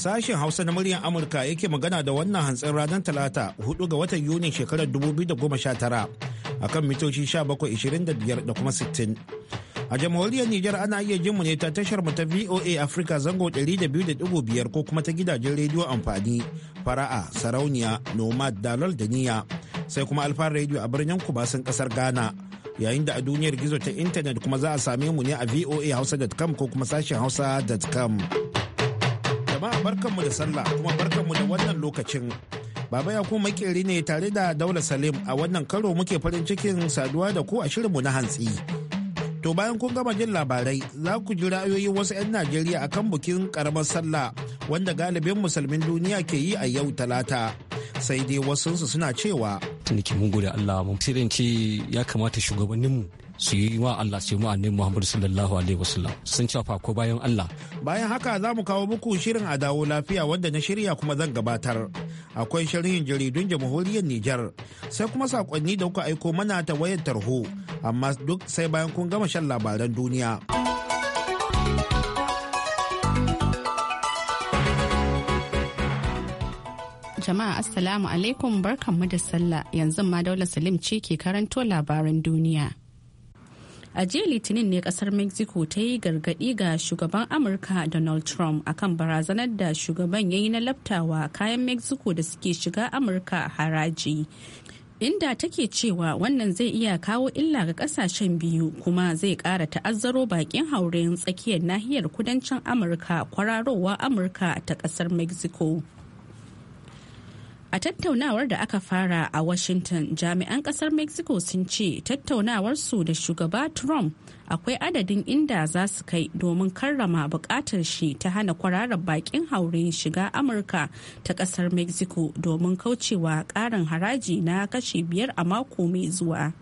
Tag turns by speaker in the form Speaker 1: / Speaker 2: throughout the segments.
Speaker 1: Sashen Hausa na muryar Amurka yake magana da wannan hantsin ranar Talata hudu ga watan Yuni shekarar 2019 akan mitoci 1725 da kuma 60. A jamhuriyar Nijar ana iya jin mu ne ta tashar mu ta VOA Africa zango 200.5 ko kuma ta gidajen rediyo amfani fara'a sarauniya nomad dalol da niya sai kuma alfa rediyo a birnin kubasin kasar Ghana yayin da a duniyar gizo ta intanet kuma za a same mu ne a voa voahausa.com ko kuma sashen hausa.com. Jama'a barkanmu da sallah kuma barkanmu da wannan lokacin. Baba ya kuma makeri ne tare da Daula Salim a wannan karo muke farin cikin saduwa da ku a shirinmu na hantsi. To bayan kun gama jin labarai za ku ji ra'ayoyin wasu 'yan Najeriya akan bukin karamar sallah wanda galibin musulmin duniya ke yi a yau talata. Sai dai wasu suna cewa.
Speaker 2: Tuniki mun gode Allah mun ce ya kamata shugabanninmu su yi wa Allah
Speaker 1: su yi wa annabi Muhammad sallallahu alaihi wasallam sun cafa ko bayan Allah bayan haka za mu kawo muku shirin a lafiya wanda na shirya kuma zan gabatar akwai sharhin jaridun jamhuriyar Nijar sai kuma sakonni da kuka aiko mana ta wayar tarho amma duk sai bayan kun gama shan labaran duniya
Speaker 3: jama'a assalamu alaikum barkanmu da sallah yanzu ma daular salim ce ke karanto labaran duniya a jiya litinin ne kasar mexico ta yi gargadi ga shugaban amurka donald trump akan barazanar da shugaban ya yi na laftawa kayan mexico da suke shiga amurka haraji inda take cewa wannan zai iya kawo illa ga kasashen biyu kuma zai kara ta'azzaro bakin haurin tsakiyar nahiyar kudancin amurka kwararowa amurka ta kasar mexico A tattaunawar da aka fara a Washington, jami'an kasar Mexico sun ce tattaunawar su da shugaba Trump akwai adadin inda za su kai domin karrama bukatar shi ta hana kwararar bakin haure shiga Amurka ta kasar Mexico domin kaucewa karin haraji na kashi biyar a mako mai zuwa.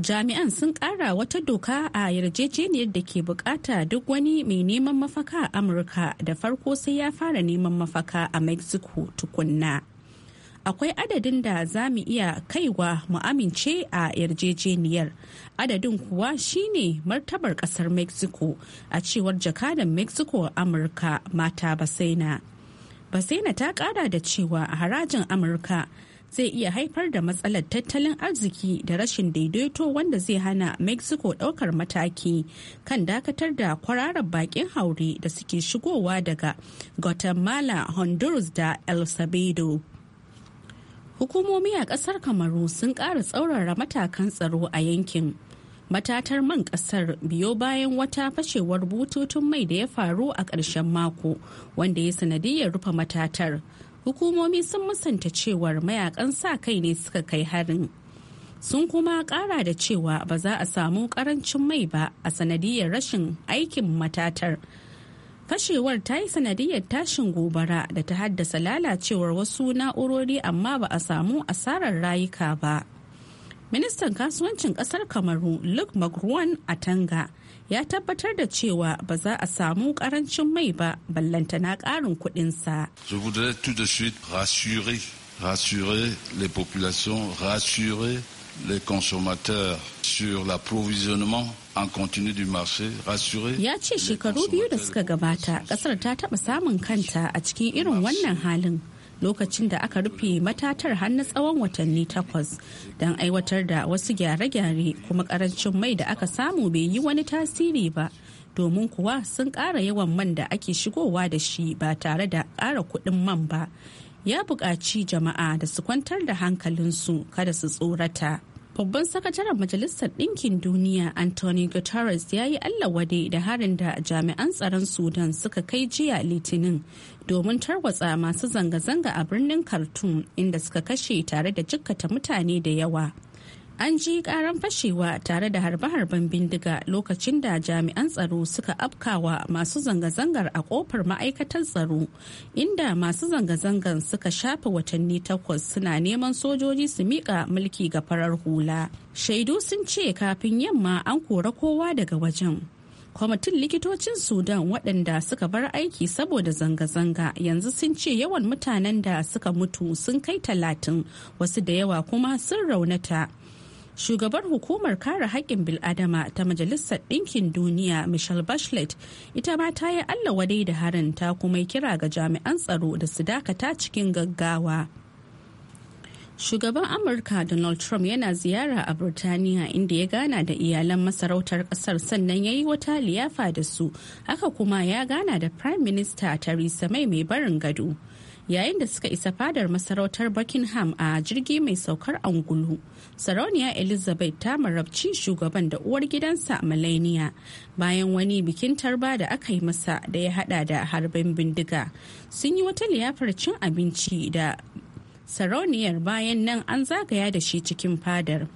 Speaker 3: jami'an sun kara wata doka a yarjejeniyar da ke bukata duk wani mai neman mafaka a amurka da farko sai ya fara neman mafaka a mexico tukunna akwai adadin da za mu iya kaiwa mu amince a yarjejeniyar adadin kuwa shine martabar kasar mexico a cewar jakadan mexico amurka mata basaina basaina ta kara da cewa harajin amurka zai iya haifar da matsalar tattalin arziki da rashin daidaito wanda zai hana mexico ɗaukar mataki kan dakatar da kwararar bakin haure da suke shigowa daga guatemala honduras da el salvador hukumomi a kasar kamaru sun ƙara tsaurara matakan tsaro a yankin matatar man kasar biyo bayan wata fashewar bututun mai da ya faru a ƙarshen mako wanda ya sanadiyar rufe matatar hukumomi sun musanta cewar mayakan sa kai ne suka kai harin sun kuma ƙara da cewa ba za a samu ƙarancin mai ba a sanadiyar rashin aikin matatar fashewar ta yi sanadiyar tashin gobara da ta haddasa lalacewar wasu na'urori amma ba a samu asarar rayuka ba ministan kasuwancin kasar kamaru luke a tanga ya tabbatar da cewa ba za a samu karancin mai ba ballanta na karin kudinsa
Speaker 4: je rassurer les populations rassurer les consommateurs sur l'approvisionnement en continu du marché rassuré. Ya ce shekaru
Speaker 3: biyu da suka gabata kasar ta taɓa samun kanta a cikin irin wannan halin lokacin da aka rufe matatar hannu tsawon watanni takwas don aiwatar da wasu gyare-gyare kuma karancin mai da aka samu bai yi wani tasiri ba domin kuwa sun ƙara yawan man da ake shigowa da shi ba tare da ƙara kuɗin man ba. ya buƙaci jama'a da su kwantar da hankalinsu kada su tsorata. Babban sakataren Majalisar Ɗinkin Duniya Anthony Guterres ya yi wade da harin da jami'an tsaron Sudan suka kai jiya Litinin domin tarwatsa masu zanga-zanga a birnin Khartoum inda suka kashe tare da jikkata mutane da yawa. an ji karan fashewa tare da harbe-harben bindiga lokacin da jami'an tsaro suka afkawa masu zanga-zangar a kofar ma'aikatar tsaro inda masu zanga-zangar suka shafe watanni takwas suna neman sojoji su miƙa mulki ga farar hula shaidu sun ce kafin yamma an kora kowa daga wajen kwamitin likitocin sudan waɗanda suka bar aiki saboda zanga-zanga yanzu sun ce yawan mutanen da suka mutu sun kai talatin wasu da yawa kuma sun raunata shugabar hukumar kare haƙƙin bil'adama ta majalisar ɗinkin duniya michelle bachelet ita ma ta yi allah wadai da harin ta kuma kira ga jami'an tsaro da su dakata cikin gaggawa shugaban amurka donald trump yana ziyara a birtaniya inda ya gana da iyalan masarautar kasar sannan ya yi wata liyafa da su haka kuma ya gana da prime minister theresa may mai barin gado yayin da suka isa fadar masarautar buckingham a jirgi mai saukar angulu sarauniya elizabeth ta marabci shugaban da uwar gidansa malaniya bayan wani bikin tarba da aka yi masa da ya hada da harbin bindiga sun yi wata liyafar cin abinci da sarauniyar bayan nan an zagaya da shi cikin fadar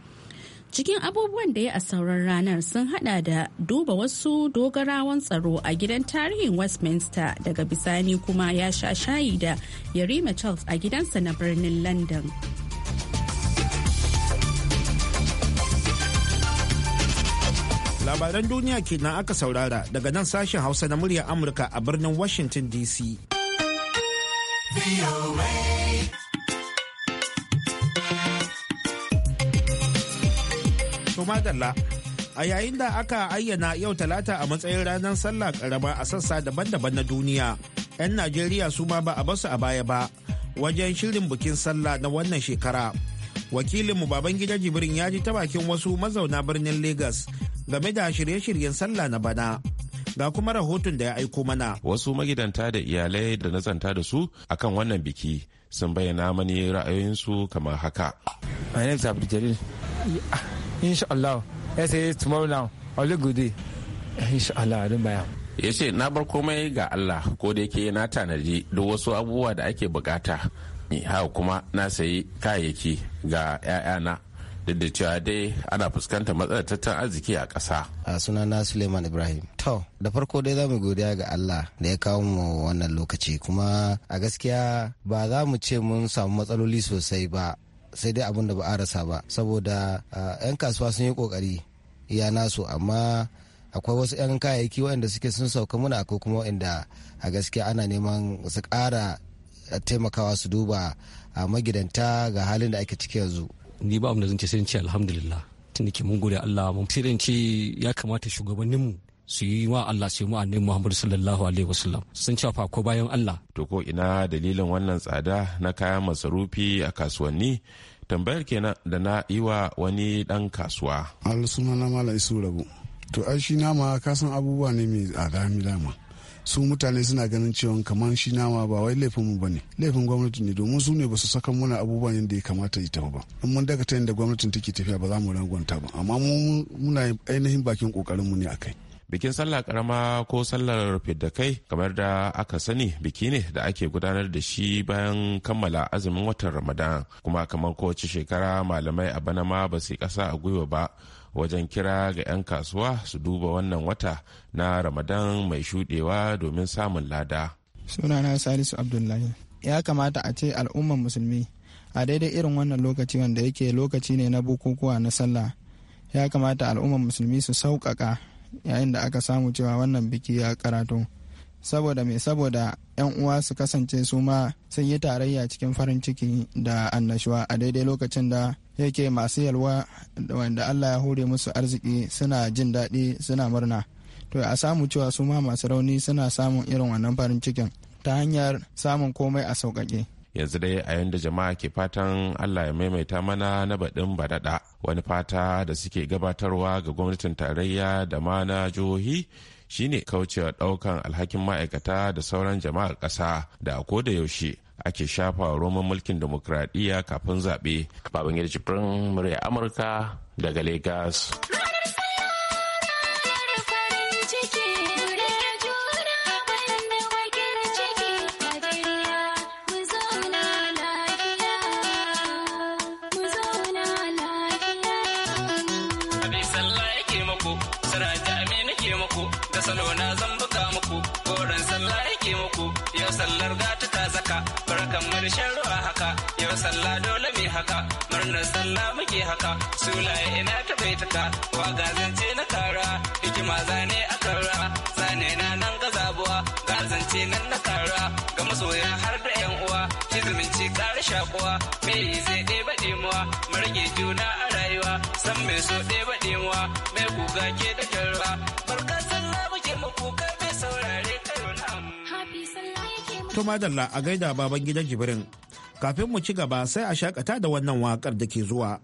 Speaker 3: cikin abubuwan da ya a sauran ranar sun hada da duba wasu dogarawan tsaro a gidan tarihin westminster daga bisani kuma ya sha shayi da yarima charles a gidansa na birnin london
Speaker 1: labaran duniya kenan aka saurara daga nan sashen hausa na muryar amurka a birnin washington dc a yayin da aka ayyana yau talata a matsayin ranar sallah karama a sassa daban-daban na duniya 'yan najeriya su ma ba a basu a baya ba wajen shirin bukin sallah na wannan shekara wakilinmu babangida jibrin ya ji ta bakin wasu mazauna birnin lagos game da shirye-shiryen sallah na bana ga kuma rahoton da ya aiko mana
Speaker 4: wasu magidanta da iyalai da na zanta da su akan wannan biki sun bayyana mani ra'ayoyinsu kamar haka my name is abdul
Speaker 5: insha allah say tomorrow now all good day insha allah don bayan
Speaker 4: ya ce na bar komai ga allah ko da yake na tanaji duk wasu abubuwa da ake bukata haka kuma na sayi kayayyaki ga 'ya'yana duk da cewa dai ana fuskantar matsalar tattalin arziki a ƙasa. a
Speaker 2: sunana suleiman ibrahim to da farko dai za mu godiya ga allah da ya kawo mu wannan lokaci kuma a gaskiya ba za mu ce mun samu matsaloli sosai ba sai dai abin da ba a rasa ba saboda 'yan kasuwa sun yi kokari iya nasu amma akwai wasu 'yan kayayyaki waɗanda suke sun sauka muna akwai kuma waɗanda a gaskiya ana neman su ƙara A taimakawa su duba a magidanta ga halin da ake ciki yanzu ni ba abin da zance sai ce alhamdulillah tun da ke mun gode Allah mun sai ce ya kamata shugabanninmu su yi wa Allah su yi wa annabi Muhammad sallallahu alaihi wasallam sun ce fa ko bayan Allah
Speaker 4: to ko ina dalilin wannan tsada na kayan masarufi a kasuwanni tambayar kenan da na yi wa wani dan kasuwa
Speaker 2: al na mala isu rabu to ai shi nama ka abubuwa ne mai tsada mi dama su mutane suna ganin cewa kamar shi nama ba wai laifin mu bane laifin gwamnati ne domin su ne basu saka muna abubuwan yadda ya kamata yi tafi ba in mun daga ta yadda gwamnatin take tafiya ba za mu rangwanta ba amma mu muna ainihin bakin kokarin mu ne
Speaker 4: akai bikin sallah karama ko sallar da kai kamar da aka sani biki ne da ake gudanar da shi bayan kammala azumin watan ramadan kuma kamar kowace shekara malamai a bana ma ba su kasa a gwiwa ba wajen kira ga 'yan kasuwa su duba wannan wata na ramadan mai shudewa domin samun lada
Speaker 1: sunana salisu abdullahi ya kamata a ce al'umman musulmi a daidai irin wannan lokaci wanda yake lokaci ne na bukukuwa na sallah ya kamata al'umman musulmi su sauƙaƙa yayin da aka samu cewa wannan biki ya karatu saboda mai saboda 'yan uwa su kasance su ma sun yi tarayya cikin farin ciki da annashuwa a daidai lokacin da yake masu yalwa wanda Allah ya hore musu arziki suna jin daɗi suna murna to a samu cewa su ma masu rauni suna samun irin wannan farin cikin ta hanyar samun komai a sauƙaƙe
Speaker 4: yanzu dai a yanda jama'a ke fatan allah ya maimaita mana na baɗin baɗaɗa wani fata da suke gabatarwa ga gwamnatin tarayya da ma na jihohi shine kaucewa ɗaukan alhakin ma'aikata da sauran jama'ar ƙasa da a yaushe ake shafa roman mulkin demokradiyya kafin zaɓe. Babangida Jibrin murya Amurka daga Legas. Sallah yake mako, sara
Speaker 2: jami'a nake mako, da salo zamba muku goron sallah yake muku yau sallar gata ta zaka barkan shan ruwa haka yau sallah dole mai haka murnar sallah muke haka sulaye ina ta bai taka waga zance na kara hikima zane a kara zane na nan ga zabuwa ga zance nan na kara ga masoya har da yan uwa hiziminci kara shakuwa mai zai ɗeba ɗemuwa marge juna a rayuwa san mai so ɗeba ɗemuwa mai kuka ke
Speaker 6: da kyarwa barkan
Speaker 1: To madalla a gaida baban gidan jibirin. Kafin mu ci gaba sai a shakata da wannan waƙar da ke zuwa.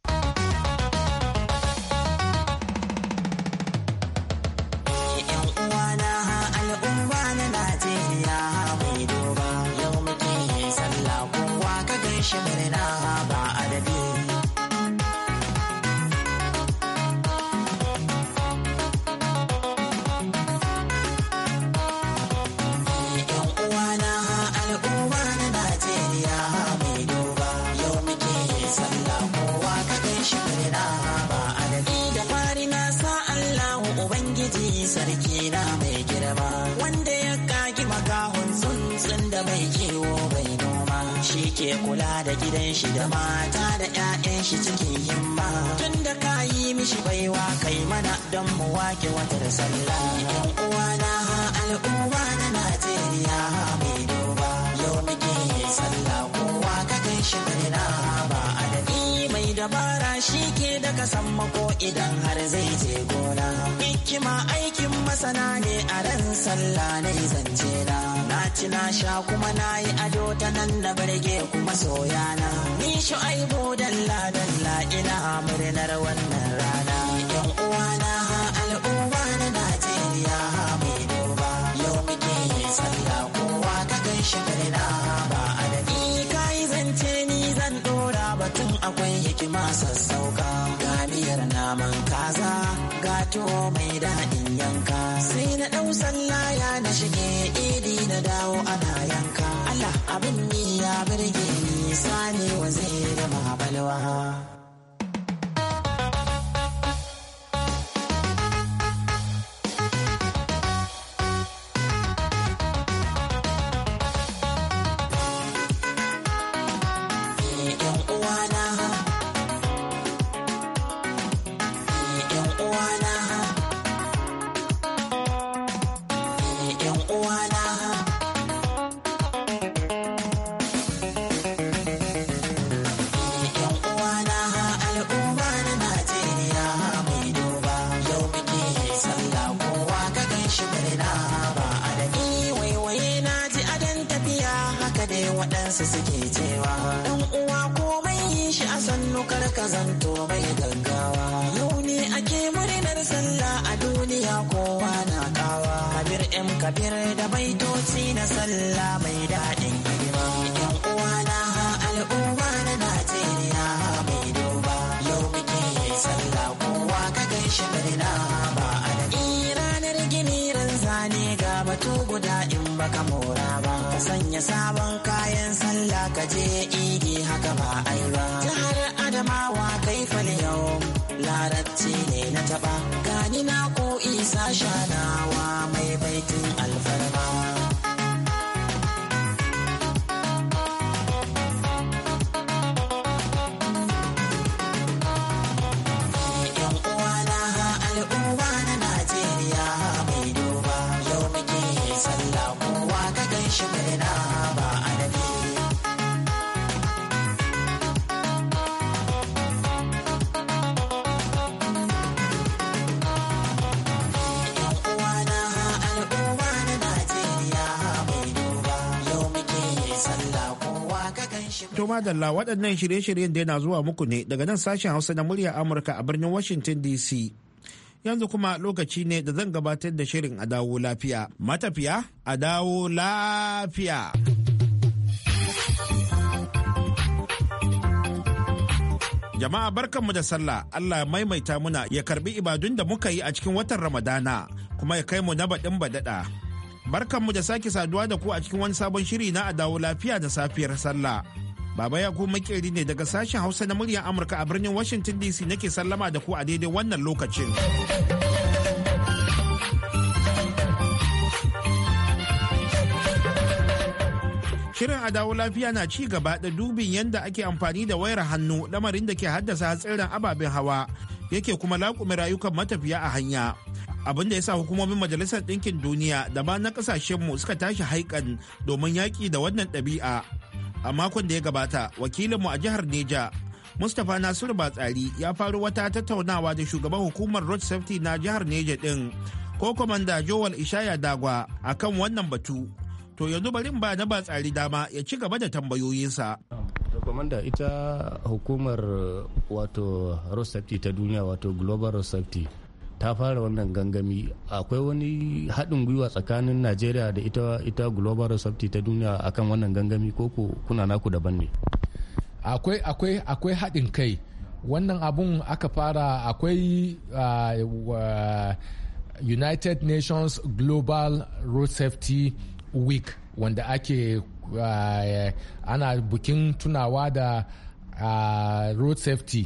Speaker 6: kula da gidan shi da mata da 'ya'yan shi cikin himma tun da ka yi mishi baiwa kai mana don mu wake watar sallah yan uwana ha al'umma na Najeriya ha mai duba yau muke sallah kowa ka kai shi na ba adadi mai dabara shi ke daga mako idan har zai je gona hikima aikin masana ne a ran sallah ne zance na ci na sha kuma na yi ado ta nan da barge kuma soyana. Ni shu'aibu dalla dalla ina murnar wannan rana. Yan uwana ha al'umma na Najeriya ha mai duba. Yau muke yi sallah kowa ka kan shi na ba adadi. Ni kayi zance ni zan ɗora batun akwai hikima sassauka. miyar naman kaza gato mai daɗin yanka sai na ɗau sallaya na shige idi na dawo ana yanka Allah abin ni ya birge ni sani wa zai da balwa. sabon kayan sallah ka je
Speaker 1: madalla waɗannan shirye-shiryen da yana zuwa muku ne daga nan sashen hausa na murya amurka a birnin washington dc yanzu kuma lokaci ne da zan gabatar da shirin a dawo lafiya matafiya a dawo lafiya jama'a barkanmu da sallah allah maimaita muna ya karbi ibadun da muka yi a cikin watan ramadana kuma ya kai mu na baɗin baɗaɗa barkanmu da sake saduwa da ku a cikin wani sabon shiri na a dawo lafiya da safiyar sallah Baba ya makeri ne daga sashen Hausa na muryar Amurka a birnin Washington DC nake sallama da ku a daidai wannan lokacin. Shirin a dawo lafiya na ci gaba da dubin yadda ake amfani da wayar hannu lamarin da ke haddasa hatsarin ababen hawa yake kuma laƙume rayukan matafiya a hanya. abin da ya sa hukumomin majalisar ɗinkin duniya da ma na ƙasashenmu suka tashi haikan domin yaƙi da wannan ɗabi'a a makon da ya gabata wakilinmu a jihar neja mustapha nasiru batsari ya faru wata tattaunawa da shugaban hukumar road safety na jihar neja din ko kwamanda jowal ishaya dagwa a akan wannan batu to yanzu bari ba na batsari dama ya ci gaba da tambayoyinsa
Speaker 2: kwamanda ita hukumar wato road safety ta duniya wato global road safety ta fara wannan gangami akwai wani haɗin gwiwa tsakanin najeriya da ita ita global resorti ta duniya akan
Speaker 5: wannan gangami ko ku kuna naku daban ne akwai akwai akwai haɗin kai wannan abun aka fara akwai uh, united nations global road safety week wanda ake uh, ana bukin tunawa da uh, road safety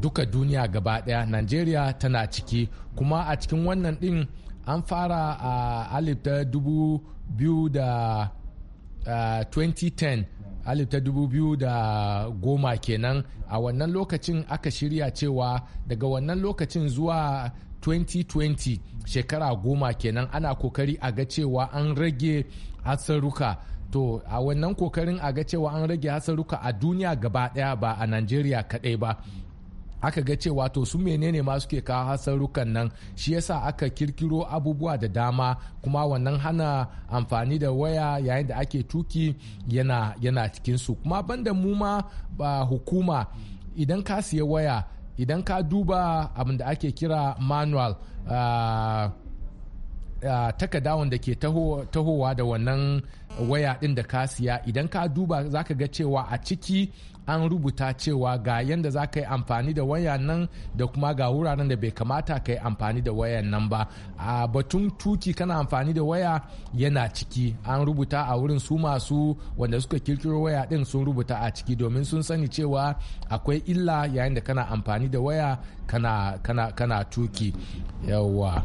Speaker 5: duka duniya gaba daya najeriya tana ciki kuma a cikin wannan din an fara a alif ta dubu biyu da 2010 goma kenan a wannan lokacin aka shirya cewa daga wannan lokacin zuwa 2020 shekara goma kenan ana kokari a ga cewa an rage hasaruka to a wannan kokarin a ga cewa an rage hasaruka a duniya gaba daya ba a nigeria kadai ba aka ga cewa to su menene ma suke kawo hasarukan nan shi yasa aka kirkiro abubuwa da dama kuma wannan hana amfani da waya yayin da ake tuki yana yana cikin su kuma banda mu ma ba hukuma idan ka siya waya idan ka duba abin da ake kira manual uh, uh, wanda ke tahowa da wannan waya din da ka siya idan ka duba zaka ga cewa a ciki an rubuta cewa ga yadda za ka yi amfani da waya nan da kuma ga wuraren da bai kamata ka yi amfani da wayan nan ba a batun tuki kana amfani da waya yana ciki an rubuta a wurin su masu wanda suka kirkiro waya din sun rubuta a ciki domin sun sani cewa akwai illa yayin da kana amfani da waya kana tuki yawa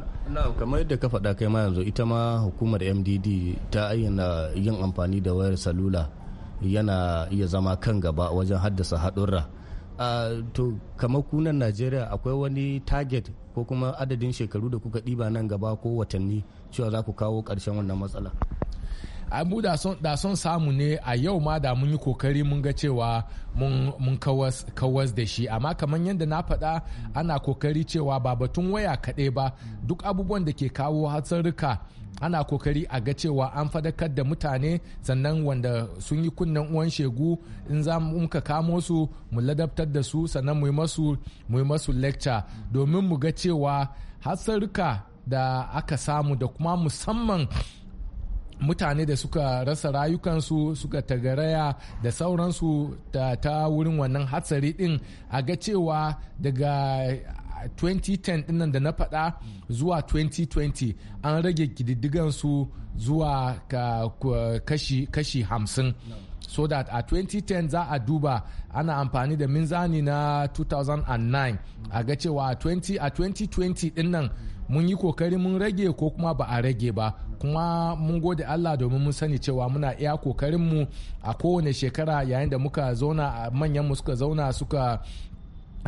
Speaker 2: kamar yadda ka faɗa kai ma yanzu ita ma hukumar mdd ta ayyana yin amfani da wayar salula yana iya zama kan gaba wajen haddasa haɗurra to kamar kunan najeriya akwai wani target ko kuma adadin shekaru da kuka ɗiba nan gaba ko watanni cewa za ku kawo ƙarshen wannan matsala
Speaker 5: mu da son samu ne a yau ma da mun yi kokari mun ga cewa mun kawas da shi amma kamar yadda na faɗa ana kokari cewa ba batun waya kaɗai ba duk abubuwan da ke kawo hatsarurruka ana kokari a ga cewa an fadakar da mutane sannan wanda sun yi kunnen uwan shegu in za mu ka kamo su mu ladabtar da su sannan mu yi masu mu lecture domin mu ga cewa hasarka da aka samu da kuma musamman mutane da suka rasa rayukansu suka tagaraya da sauransu ta, ta wurin wannan hatsari din a ga cewa daga 2010 dinnan da na faɗa zuwa 2020 an rage kididdigan su zuwa kashi, kashi hamsin so that a 2010 za a duba ana amfani da minzani na 2009 a ga cewa a 2020 dinnan mun yi kokari mun rage ko kuma ba a rage ba kuma mun gode Allah domin mun sani cewa muna iya kokarinmu a kowane shekara yayin da muka zauna manyanmu suka zauna suka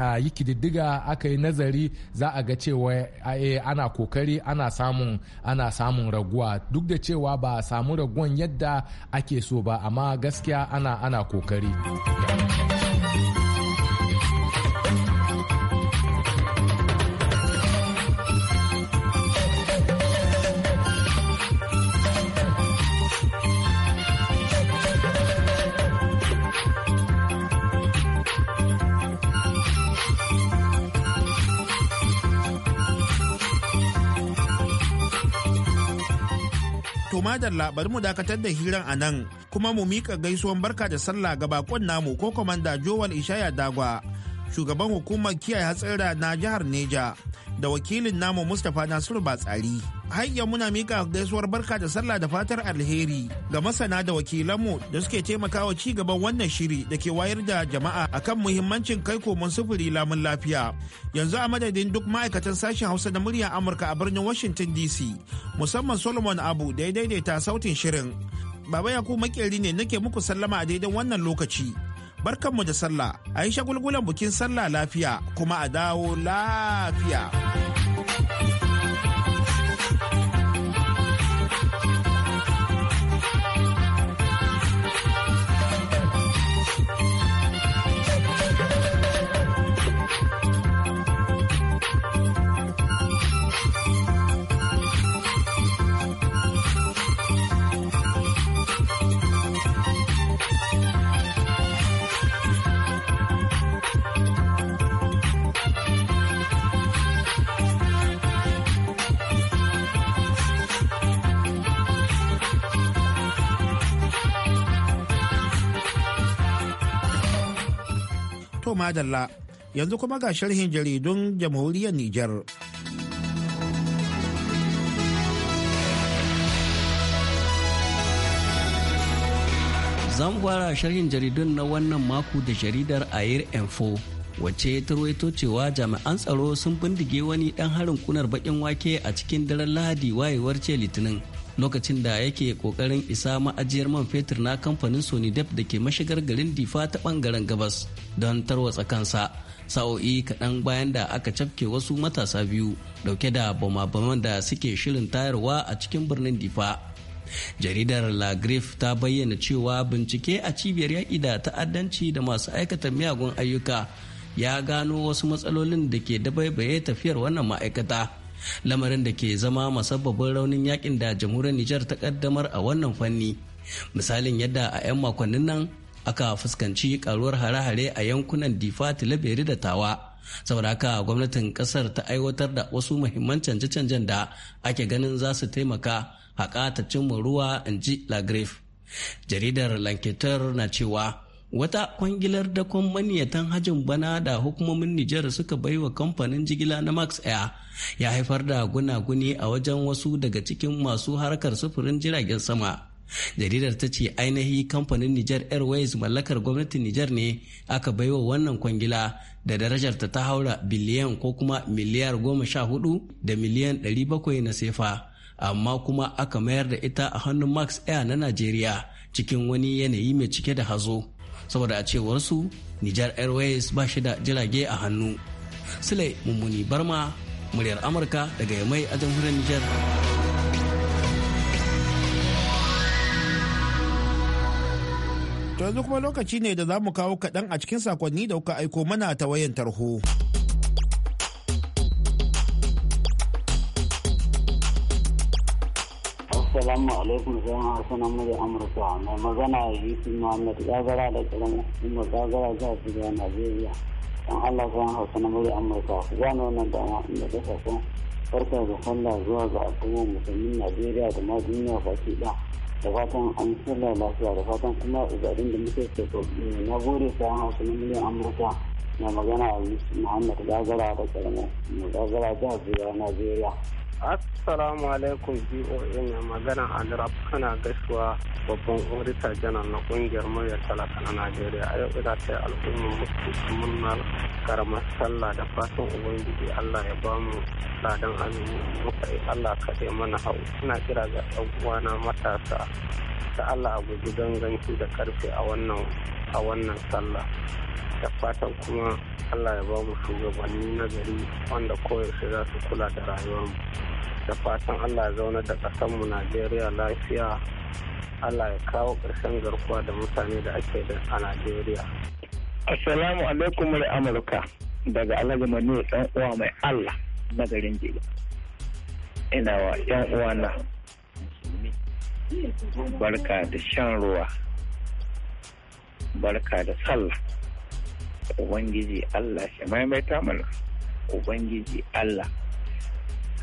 Speaker 5: yi kididdiga aka yi nazari za a ga cewa eh, ana kokari ana samun ana samun raguwa duk da cewa ba a samu raguwan yadda ake so ba amma gaskiya ana ana kokari.
Speaker 1: hamadar bari mu dakatar da hiran a nan kuma mu mika gaisuwan barka da sallah ga bakon namu ko kwamanda Jowal Ishaya Dagwa. Shugaban hukumar kiyaye hatsira na jihar Neja da wakilin namu Mustapha Nasiru Batsari. hayya muna mika gaisuwar barka da sallah da fatar alheri ga masana da wakilanmu da suke taimakawa ci gaban wannan shiri da ke wayar da jama'a akan muhimmancin kai koman sufuri lamun lafiya yanzu a madadin duk ma'aikatan sashen hausa da muryar amurka a birnin washington dc musamman solomon abu da ya daidaita sautin shirin baba yaku makeri ne nake muku sallama a daidai wannan lokaci barkanmu da sallah a yi shagulgulan bukin sallah lafiya kuma a dawo lafiya. madalla, yanzu kuma ga sharhin jaridun jamhuriyar Nijar.
Speaker 2: zamu fara sharhin jaridun na wannan mako da jaridar Air Info. wace ta ruwaito cewa jami'an tsaro sun bindige wani dan harin kunar bakin wake a cikin daren lahadi wayewar ce litinin lokacin da yake kokarin isa ma'ajiyar man fetur na kamfanin sony def da ke mashigar garin difa ta bangaren gabas don tarwatsa kansa sa'o'i kaɗan bayan da aka cafke wasu matasa biyu dauke da bama-baman da suke shirin tayarwa a cikin birnin difa jaridar la grif ta bayyana cewa bincike a cibiyar yaƙi da ta'addanci da masu aikata miyagun ayyuka ya gano wasu matsalolin da ke dabaibaye tafiyar wannan ma'aikata lamarin da ke zama masababin raunin yakin da jamhuriyar Nijar ta kaddamar a wannan fanni. Misalin yadda a 'yan makonnin nan aka fuskanci karuwar hare-hare a yankunan Difa, Tilaberi da Tawa. saboda haka gwamnatin kasar ta aiwatar da wasu muhimman canje-canjen da ake ganin za su taimaka haƙa ta cimma ruwa in ji lagrif jaridar lanketar na cewa Wata kwangilar dakon maniyatan hajin bana da hukumomin Nijar suka baiwa kamfanin jigila na Max Air ya haifar da gunaguni a wajen wasu daga cikin masu harkar sufurin jiragen sama. Jaridar ta ce ainihi kamfanin Nijar Airways mallakar gwamnatin Nijar ne aka baiwa wannan kwangila da darajar ta ta haura biliyan ko kuma miliyar goma sha hudu da miliyan ɗari bakwai na sefa. amma kuma aka mayar da ita a hannun Max Air na Najeriya cikin wani yanayi mai cike da hazo. saboda a cewar su Nijar Airways ba shi da jirage a hannu. Sule Mummuni Barma muryar Amurka daga Yamai a jamhuriyar Nijar.
Speaker 1: To yanzu kuma lokaci ne da za mu kawo kaɗan a cikin sakonni da kuka aiko mana ta wayan tarho.
Speaker 7: Assalamu alaikum zan hausa na murya Amurka mai magana Yusuf Muhammad gagara da karamin hukumar gagara jihar Jibiya Najeriya. Don Allah zan hausa na murya Amurka ku gane wannan dama inda ta sakon farka da sallah zuwa ga al'ummar musulmin Najeriya da ma duniya baki ɗaya. Da fatan an sallah lafiya da fatan kuma ubadin da muke ke na gode ta hausa na murya Amurka. Mai magana Yusuf Muhammad gagara da karamin hukumar gagara jihar Jibiya Najeriya. Assalamu alaikum BOA mai magana Alirab kana gaisuwa babban odita janar na kungiyar muryar talaka na Najeriya a yau ina ta al'ummar musulmi murnar karamar sallah da fatan ubangiji Allah ya ba mu ladan azumi muka yi Allah kaɗai mana hau ina kira ga ɗan matasa ta Allah a guji ganganci da karfe a wannan sallah da fatan kuma Allah ya ba mu shugabanni na gari wanda koyaushe za su kula da rayuwarmu da fatan allah zaune da mu najeriya lafiya allah ya kawo ƙarshen garkuwa da mutane da ake da a najeriya assalamu alaikum wa amurka daga alhaji mani ɗan uwa mai allah na garin jiya ina wa ɗan uwa na barka da shan ruwa barka da sallah ubangiji allah shi maimaita mana ubangiji allah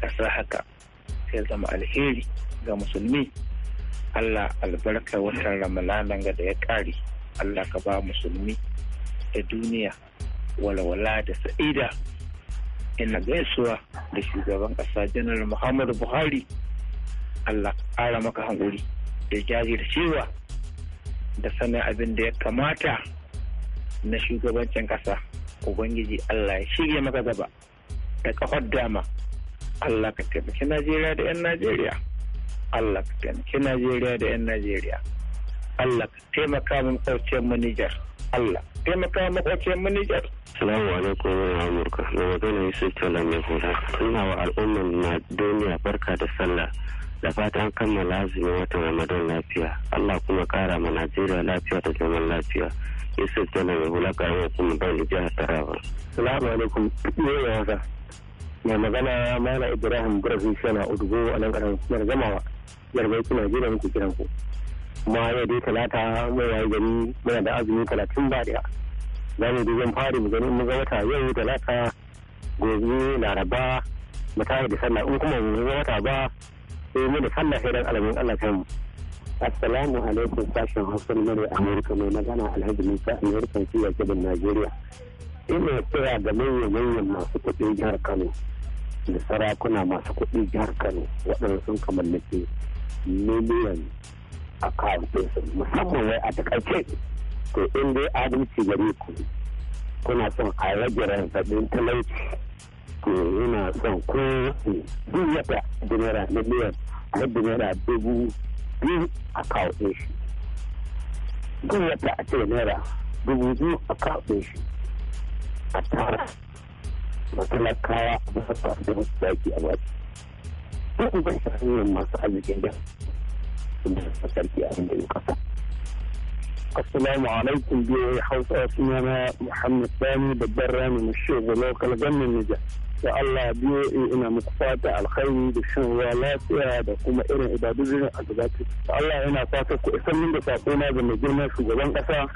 Speaker 7: kasa haka sai zama alheri ga musulmi allah albarka watan ramalanan ga da ya ƙari allah ka ba musulmi da duniya walwala da sa'ida ina gaisuwa da shugaban ƙasa janar muhammadu buhari allah ƙara maka hankuri da jajircewa da sanin abin da ya kamata na shugabancin ƙasa ubangiji allah ya shirya maka gaba da ƙafar dama Allah ka taimaki Najeriya da 'yan Najeriya. Allah ka taimaki Najeriya da 'yan Najeriya. Allah ka taimaka mu makwabciyar mu Nijar. Allah ka taimaka mu makwabciyar mu Nijar. Salamu alaikum wa Amurka. Na magana Yusuf Tola mai hula. Ina wa al'ummar na duniya barka da sallah. Da fatan kammala azumin wata Ramadan lafiya. Allah kuma kara ma Najeriya lafiya da zaman lafiya. Yusuf Tola mai hula karamar kuma bari jihar Taraba. Salamu alaikum. Ne ya mai magana mana ibrahim burafi shana udugo a nan karan kuma gamawa yarbai yake najeriya muke kiran ku kuma yau dai talata mai waye gani muna da azumi talatin ba daya za mu zan fari mu gani mun ga wata yau talata gobe laraba mu tare da sallah in kuma mu ga wata ba sai mu da sallah sai dan alamin allah kai mu assalamu alaikum sashen hausa mare amurka mai magana alhaji musa amurka ke da najeriya ina kira ga manyan manyan masu kuɗin jihar kano da sarakuna masu kuɗi jihar kano waɗanda sun ke miliyan a kawo musamman wai a takaice to in dai adalci gare ku kuna son a rage raɗaɗin talauci to yana son ko duk wata naira miliyan har naira dubu biyu a kawo shi duk wata a ce naira dubu biyu a kawo shi a tara ba talakawa ba su ba da musu zaki a baki duk ban ta hanyar masu arzikin da sun da sarki a inda yi kasa assalamu alaikum biyu hausa sunana muhammad sani babban rami mai shi ga lokal gannin nijar da Allah biyo ina muku fata alkhairi da shan ruwa lafiya da kuma irin ibadun a gabata. Allah yana fata ku isar min da sako na ga mai girman shugaban kasa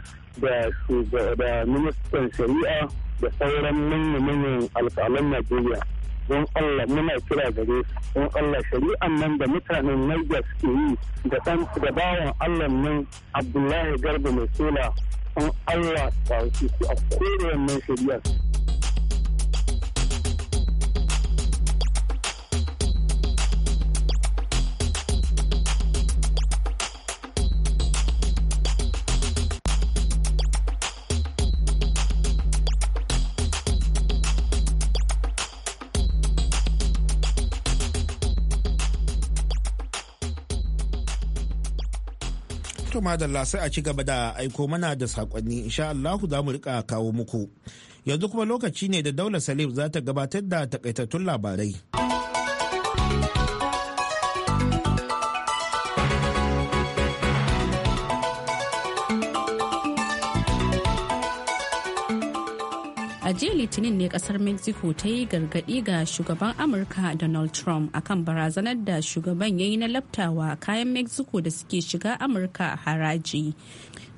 Speaker 7: da da ministan shari'a da sauran manyan alƙalan Najeriya. Don Allah muna kira gare su, don Allah shari'an nan da mutanen Niger suke yi da ɗan da bawan Allah nan Abdullahi Garba mai sola, don Allah ta su a kowane shari'a.
Speaker 1: madalla sai a ci gaba da aiko mana da sakonni insha Allahu za mu rika kawo muku. Yanzu kuma lokaci ne da Daula Salif za ta gabatar da takaitattun labarai.
Speaker 3: jiya litinin ne kasar mexico ta yi gargadi ga shugaban amurka donald trump akan barazanar da shugaban ya yi na laftawa kayan mexico da suke shiga amurka haraji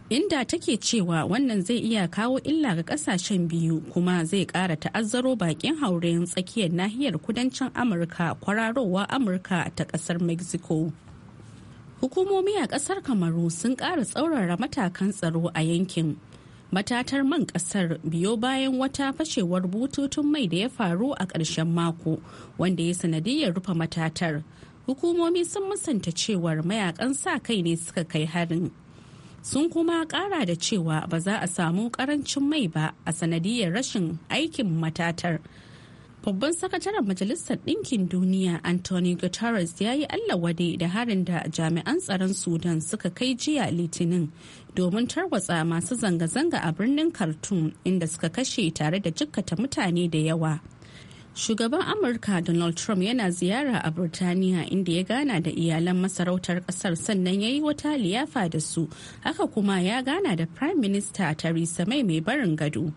Speaker 3: inda take cewa wannan zai iya kawo illa ga kasashen biyu kuma zai kara ta'azzaro bakin hauren tsakiyar nahiyar kudancin amurka kwararowa amurka ta kasar mexico hukumomi a kasar kamaru sun kara tsaurara matakan tsaro a yankin matatar man kasar biyo bayan wata fashewar bututun mai da ya faru a ƙarshen mako wanda ya sanadiyar rufe matatar hukumomi sun musanta cewar mayakan sa kai ne suka kai harin sun kuma kara da cewa ba za a samu karancin mai ba a sanadiyar rashin aikin matatar Babban sakataren Majalisar Ɗinkin Duniya Anthony Guterres ya yi allah wade da harin da jami'an tsaron Sudan suka kai jiya Litinin domin tarwatsa masu zanga-zanga a birnin Khartoum inda suka kashe tare da jikkata mutane da yawa. Shugaban Amurka Donald Trump yana ziyara a Burtaniya inda ya gana da iyalan masarautar kasar sannan ya yi wata liyafa da su, haka kuma ya gana da Prime Minister Theresa May mai barin gado.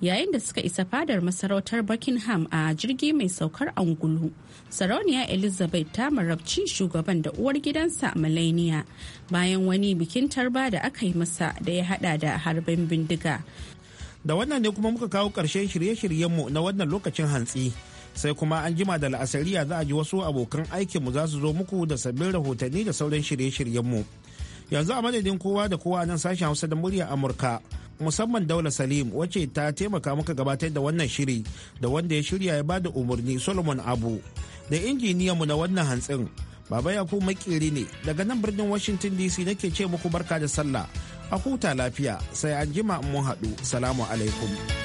Speaker 3: yayin da suka isa fadar masarautar buckingham a jirgi mai saukar angulu sarauniya elizabeth ta marabci shugaban da uwar gidansa malaniya bayan wani bikin tarba da aka yi masa da ya hada da harbin bindiga
Speaker 1: da wannan ne kuma muka kawo ƙarshen shirye-shiryenmu na wannan lokacin hantsi sai kuma an jima da la'asariya za a ji wasu abokan aikinmu za su zo muku da sabbin rahotanni da sauran shirye-shiryenmu yanzu a madadin kowa da kowa nan sashen hausa da murya amurka musamman daula salim wacce ta taimaka maka gabatar da wannan shiri da wanda ya shirya ya bada umarni solomon abu da injiniyanmu na wannan hantsin baba yakubu makeri ne daga nan birnin washington dc nake ce muku barka da sallah a huta lafiya sai an jima mun haɗu salamu alaikum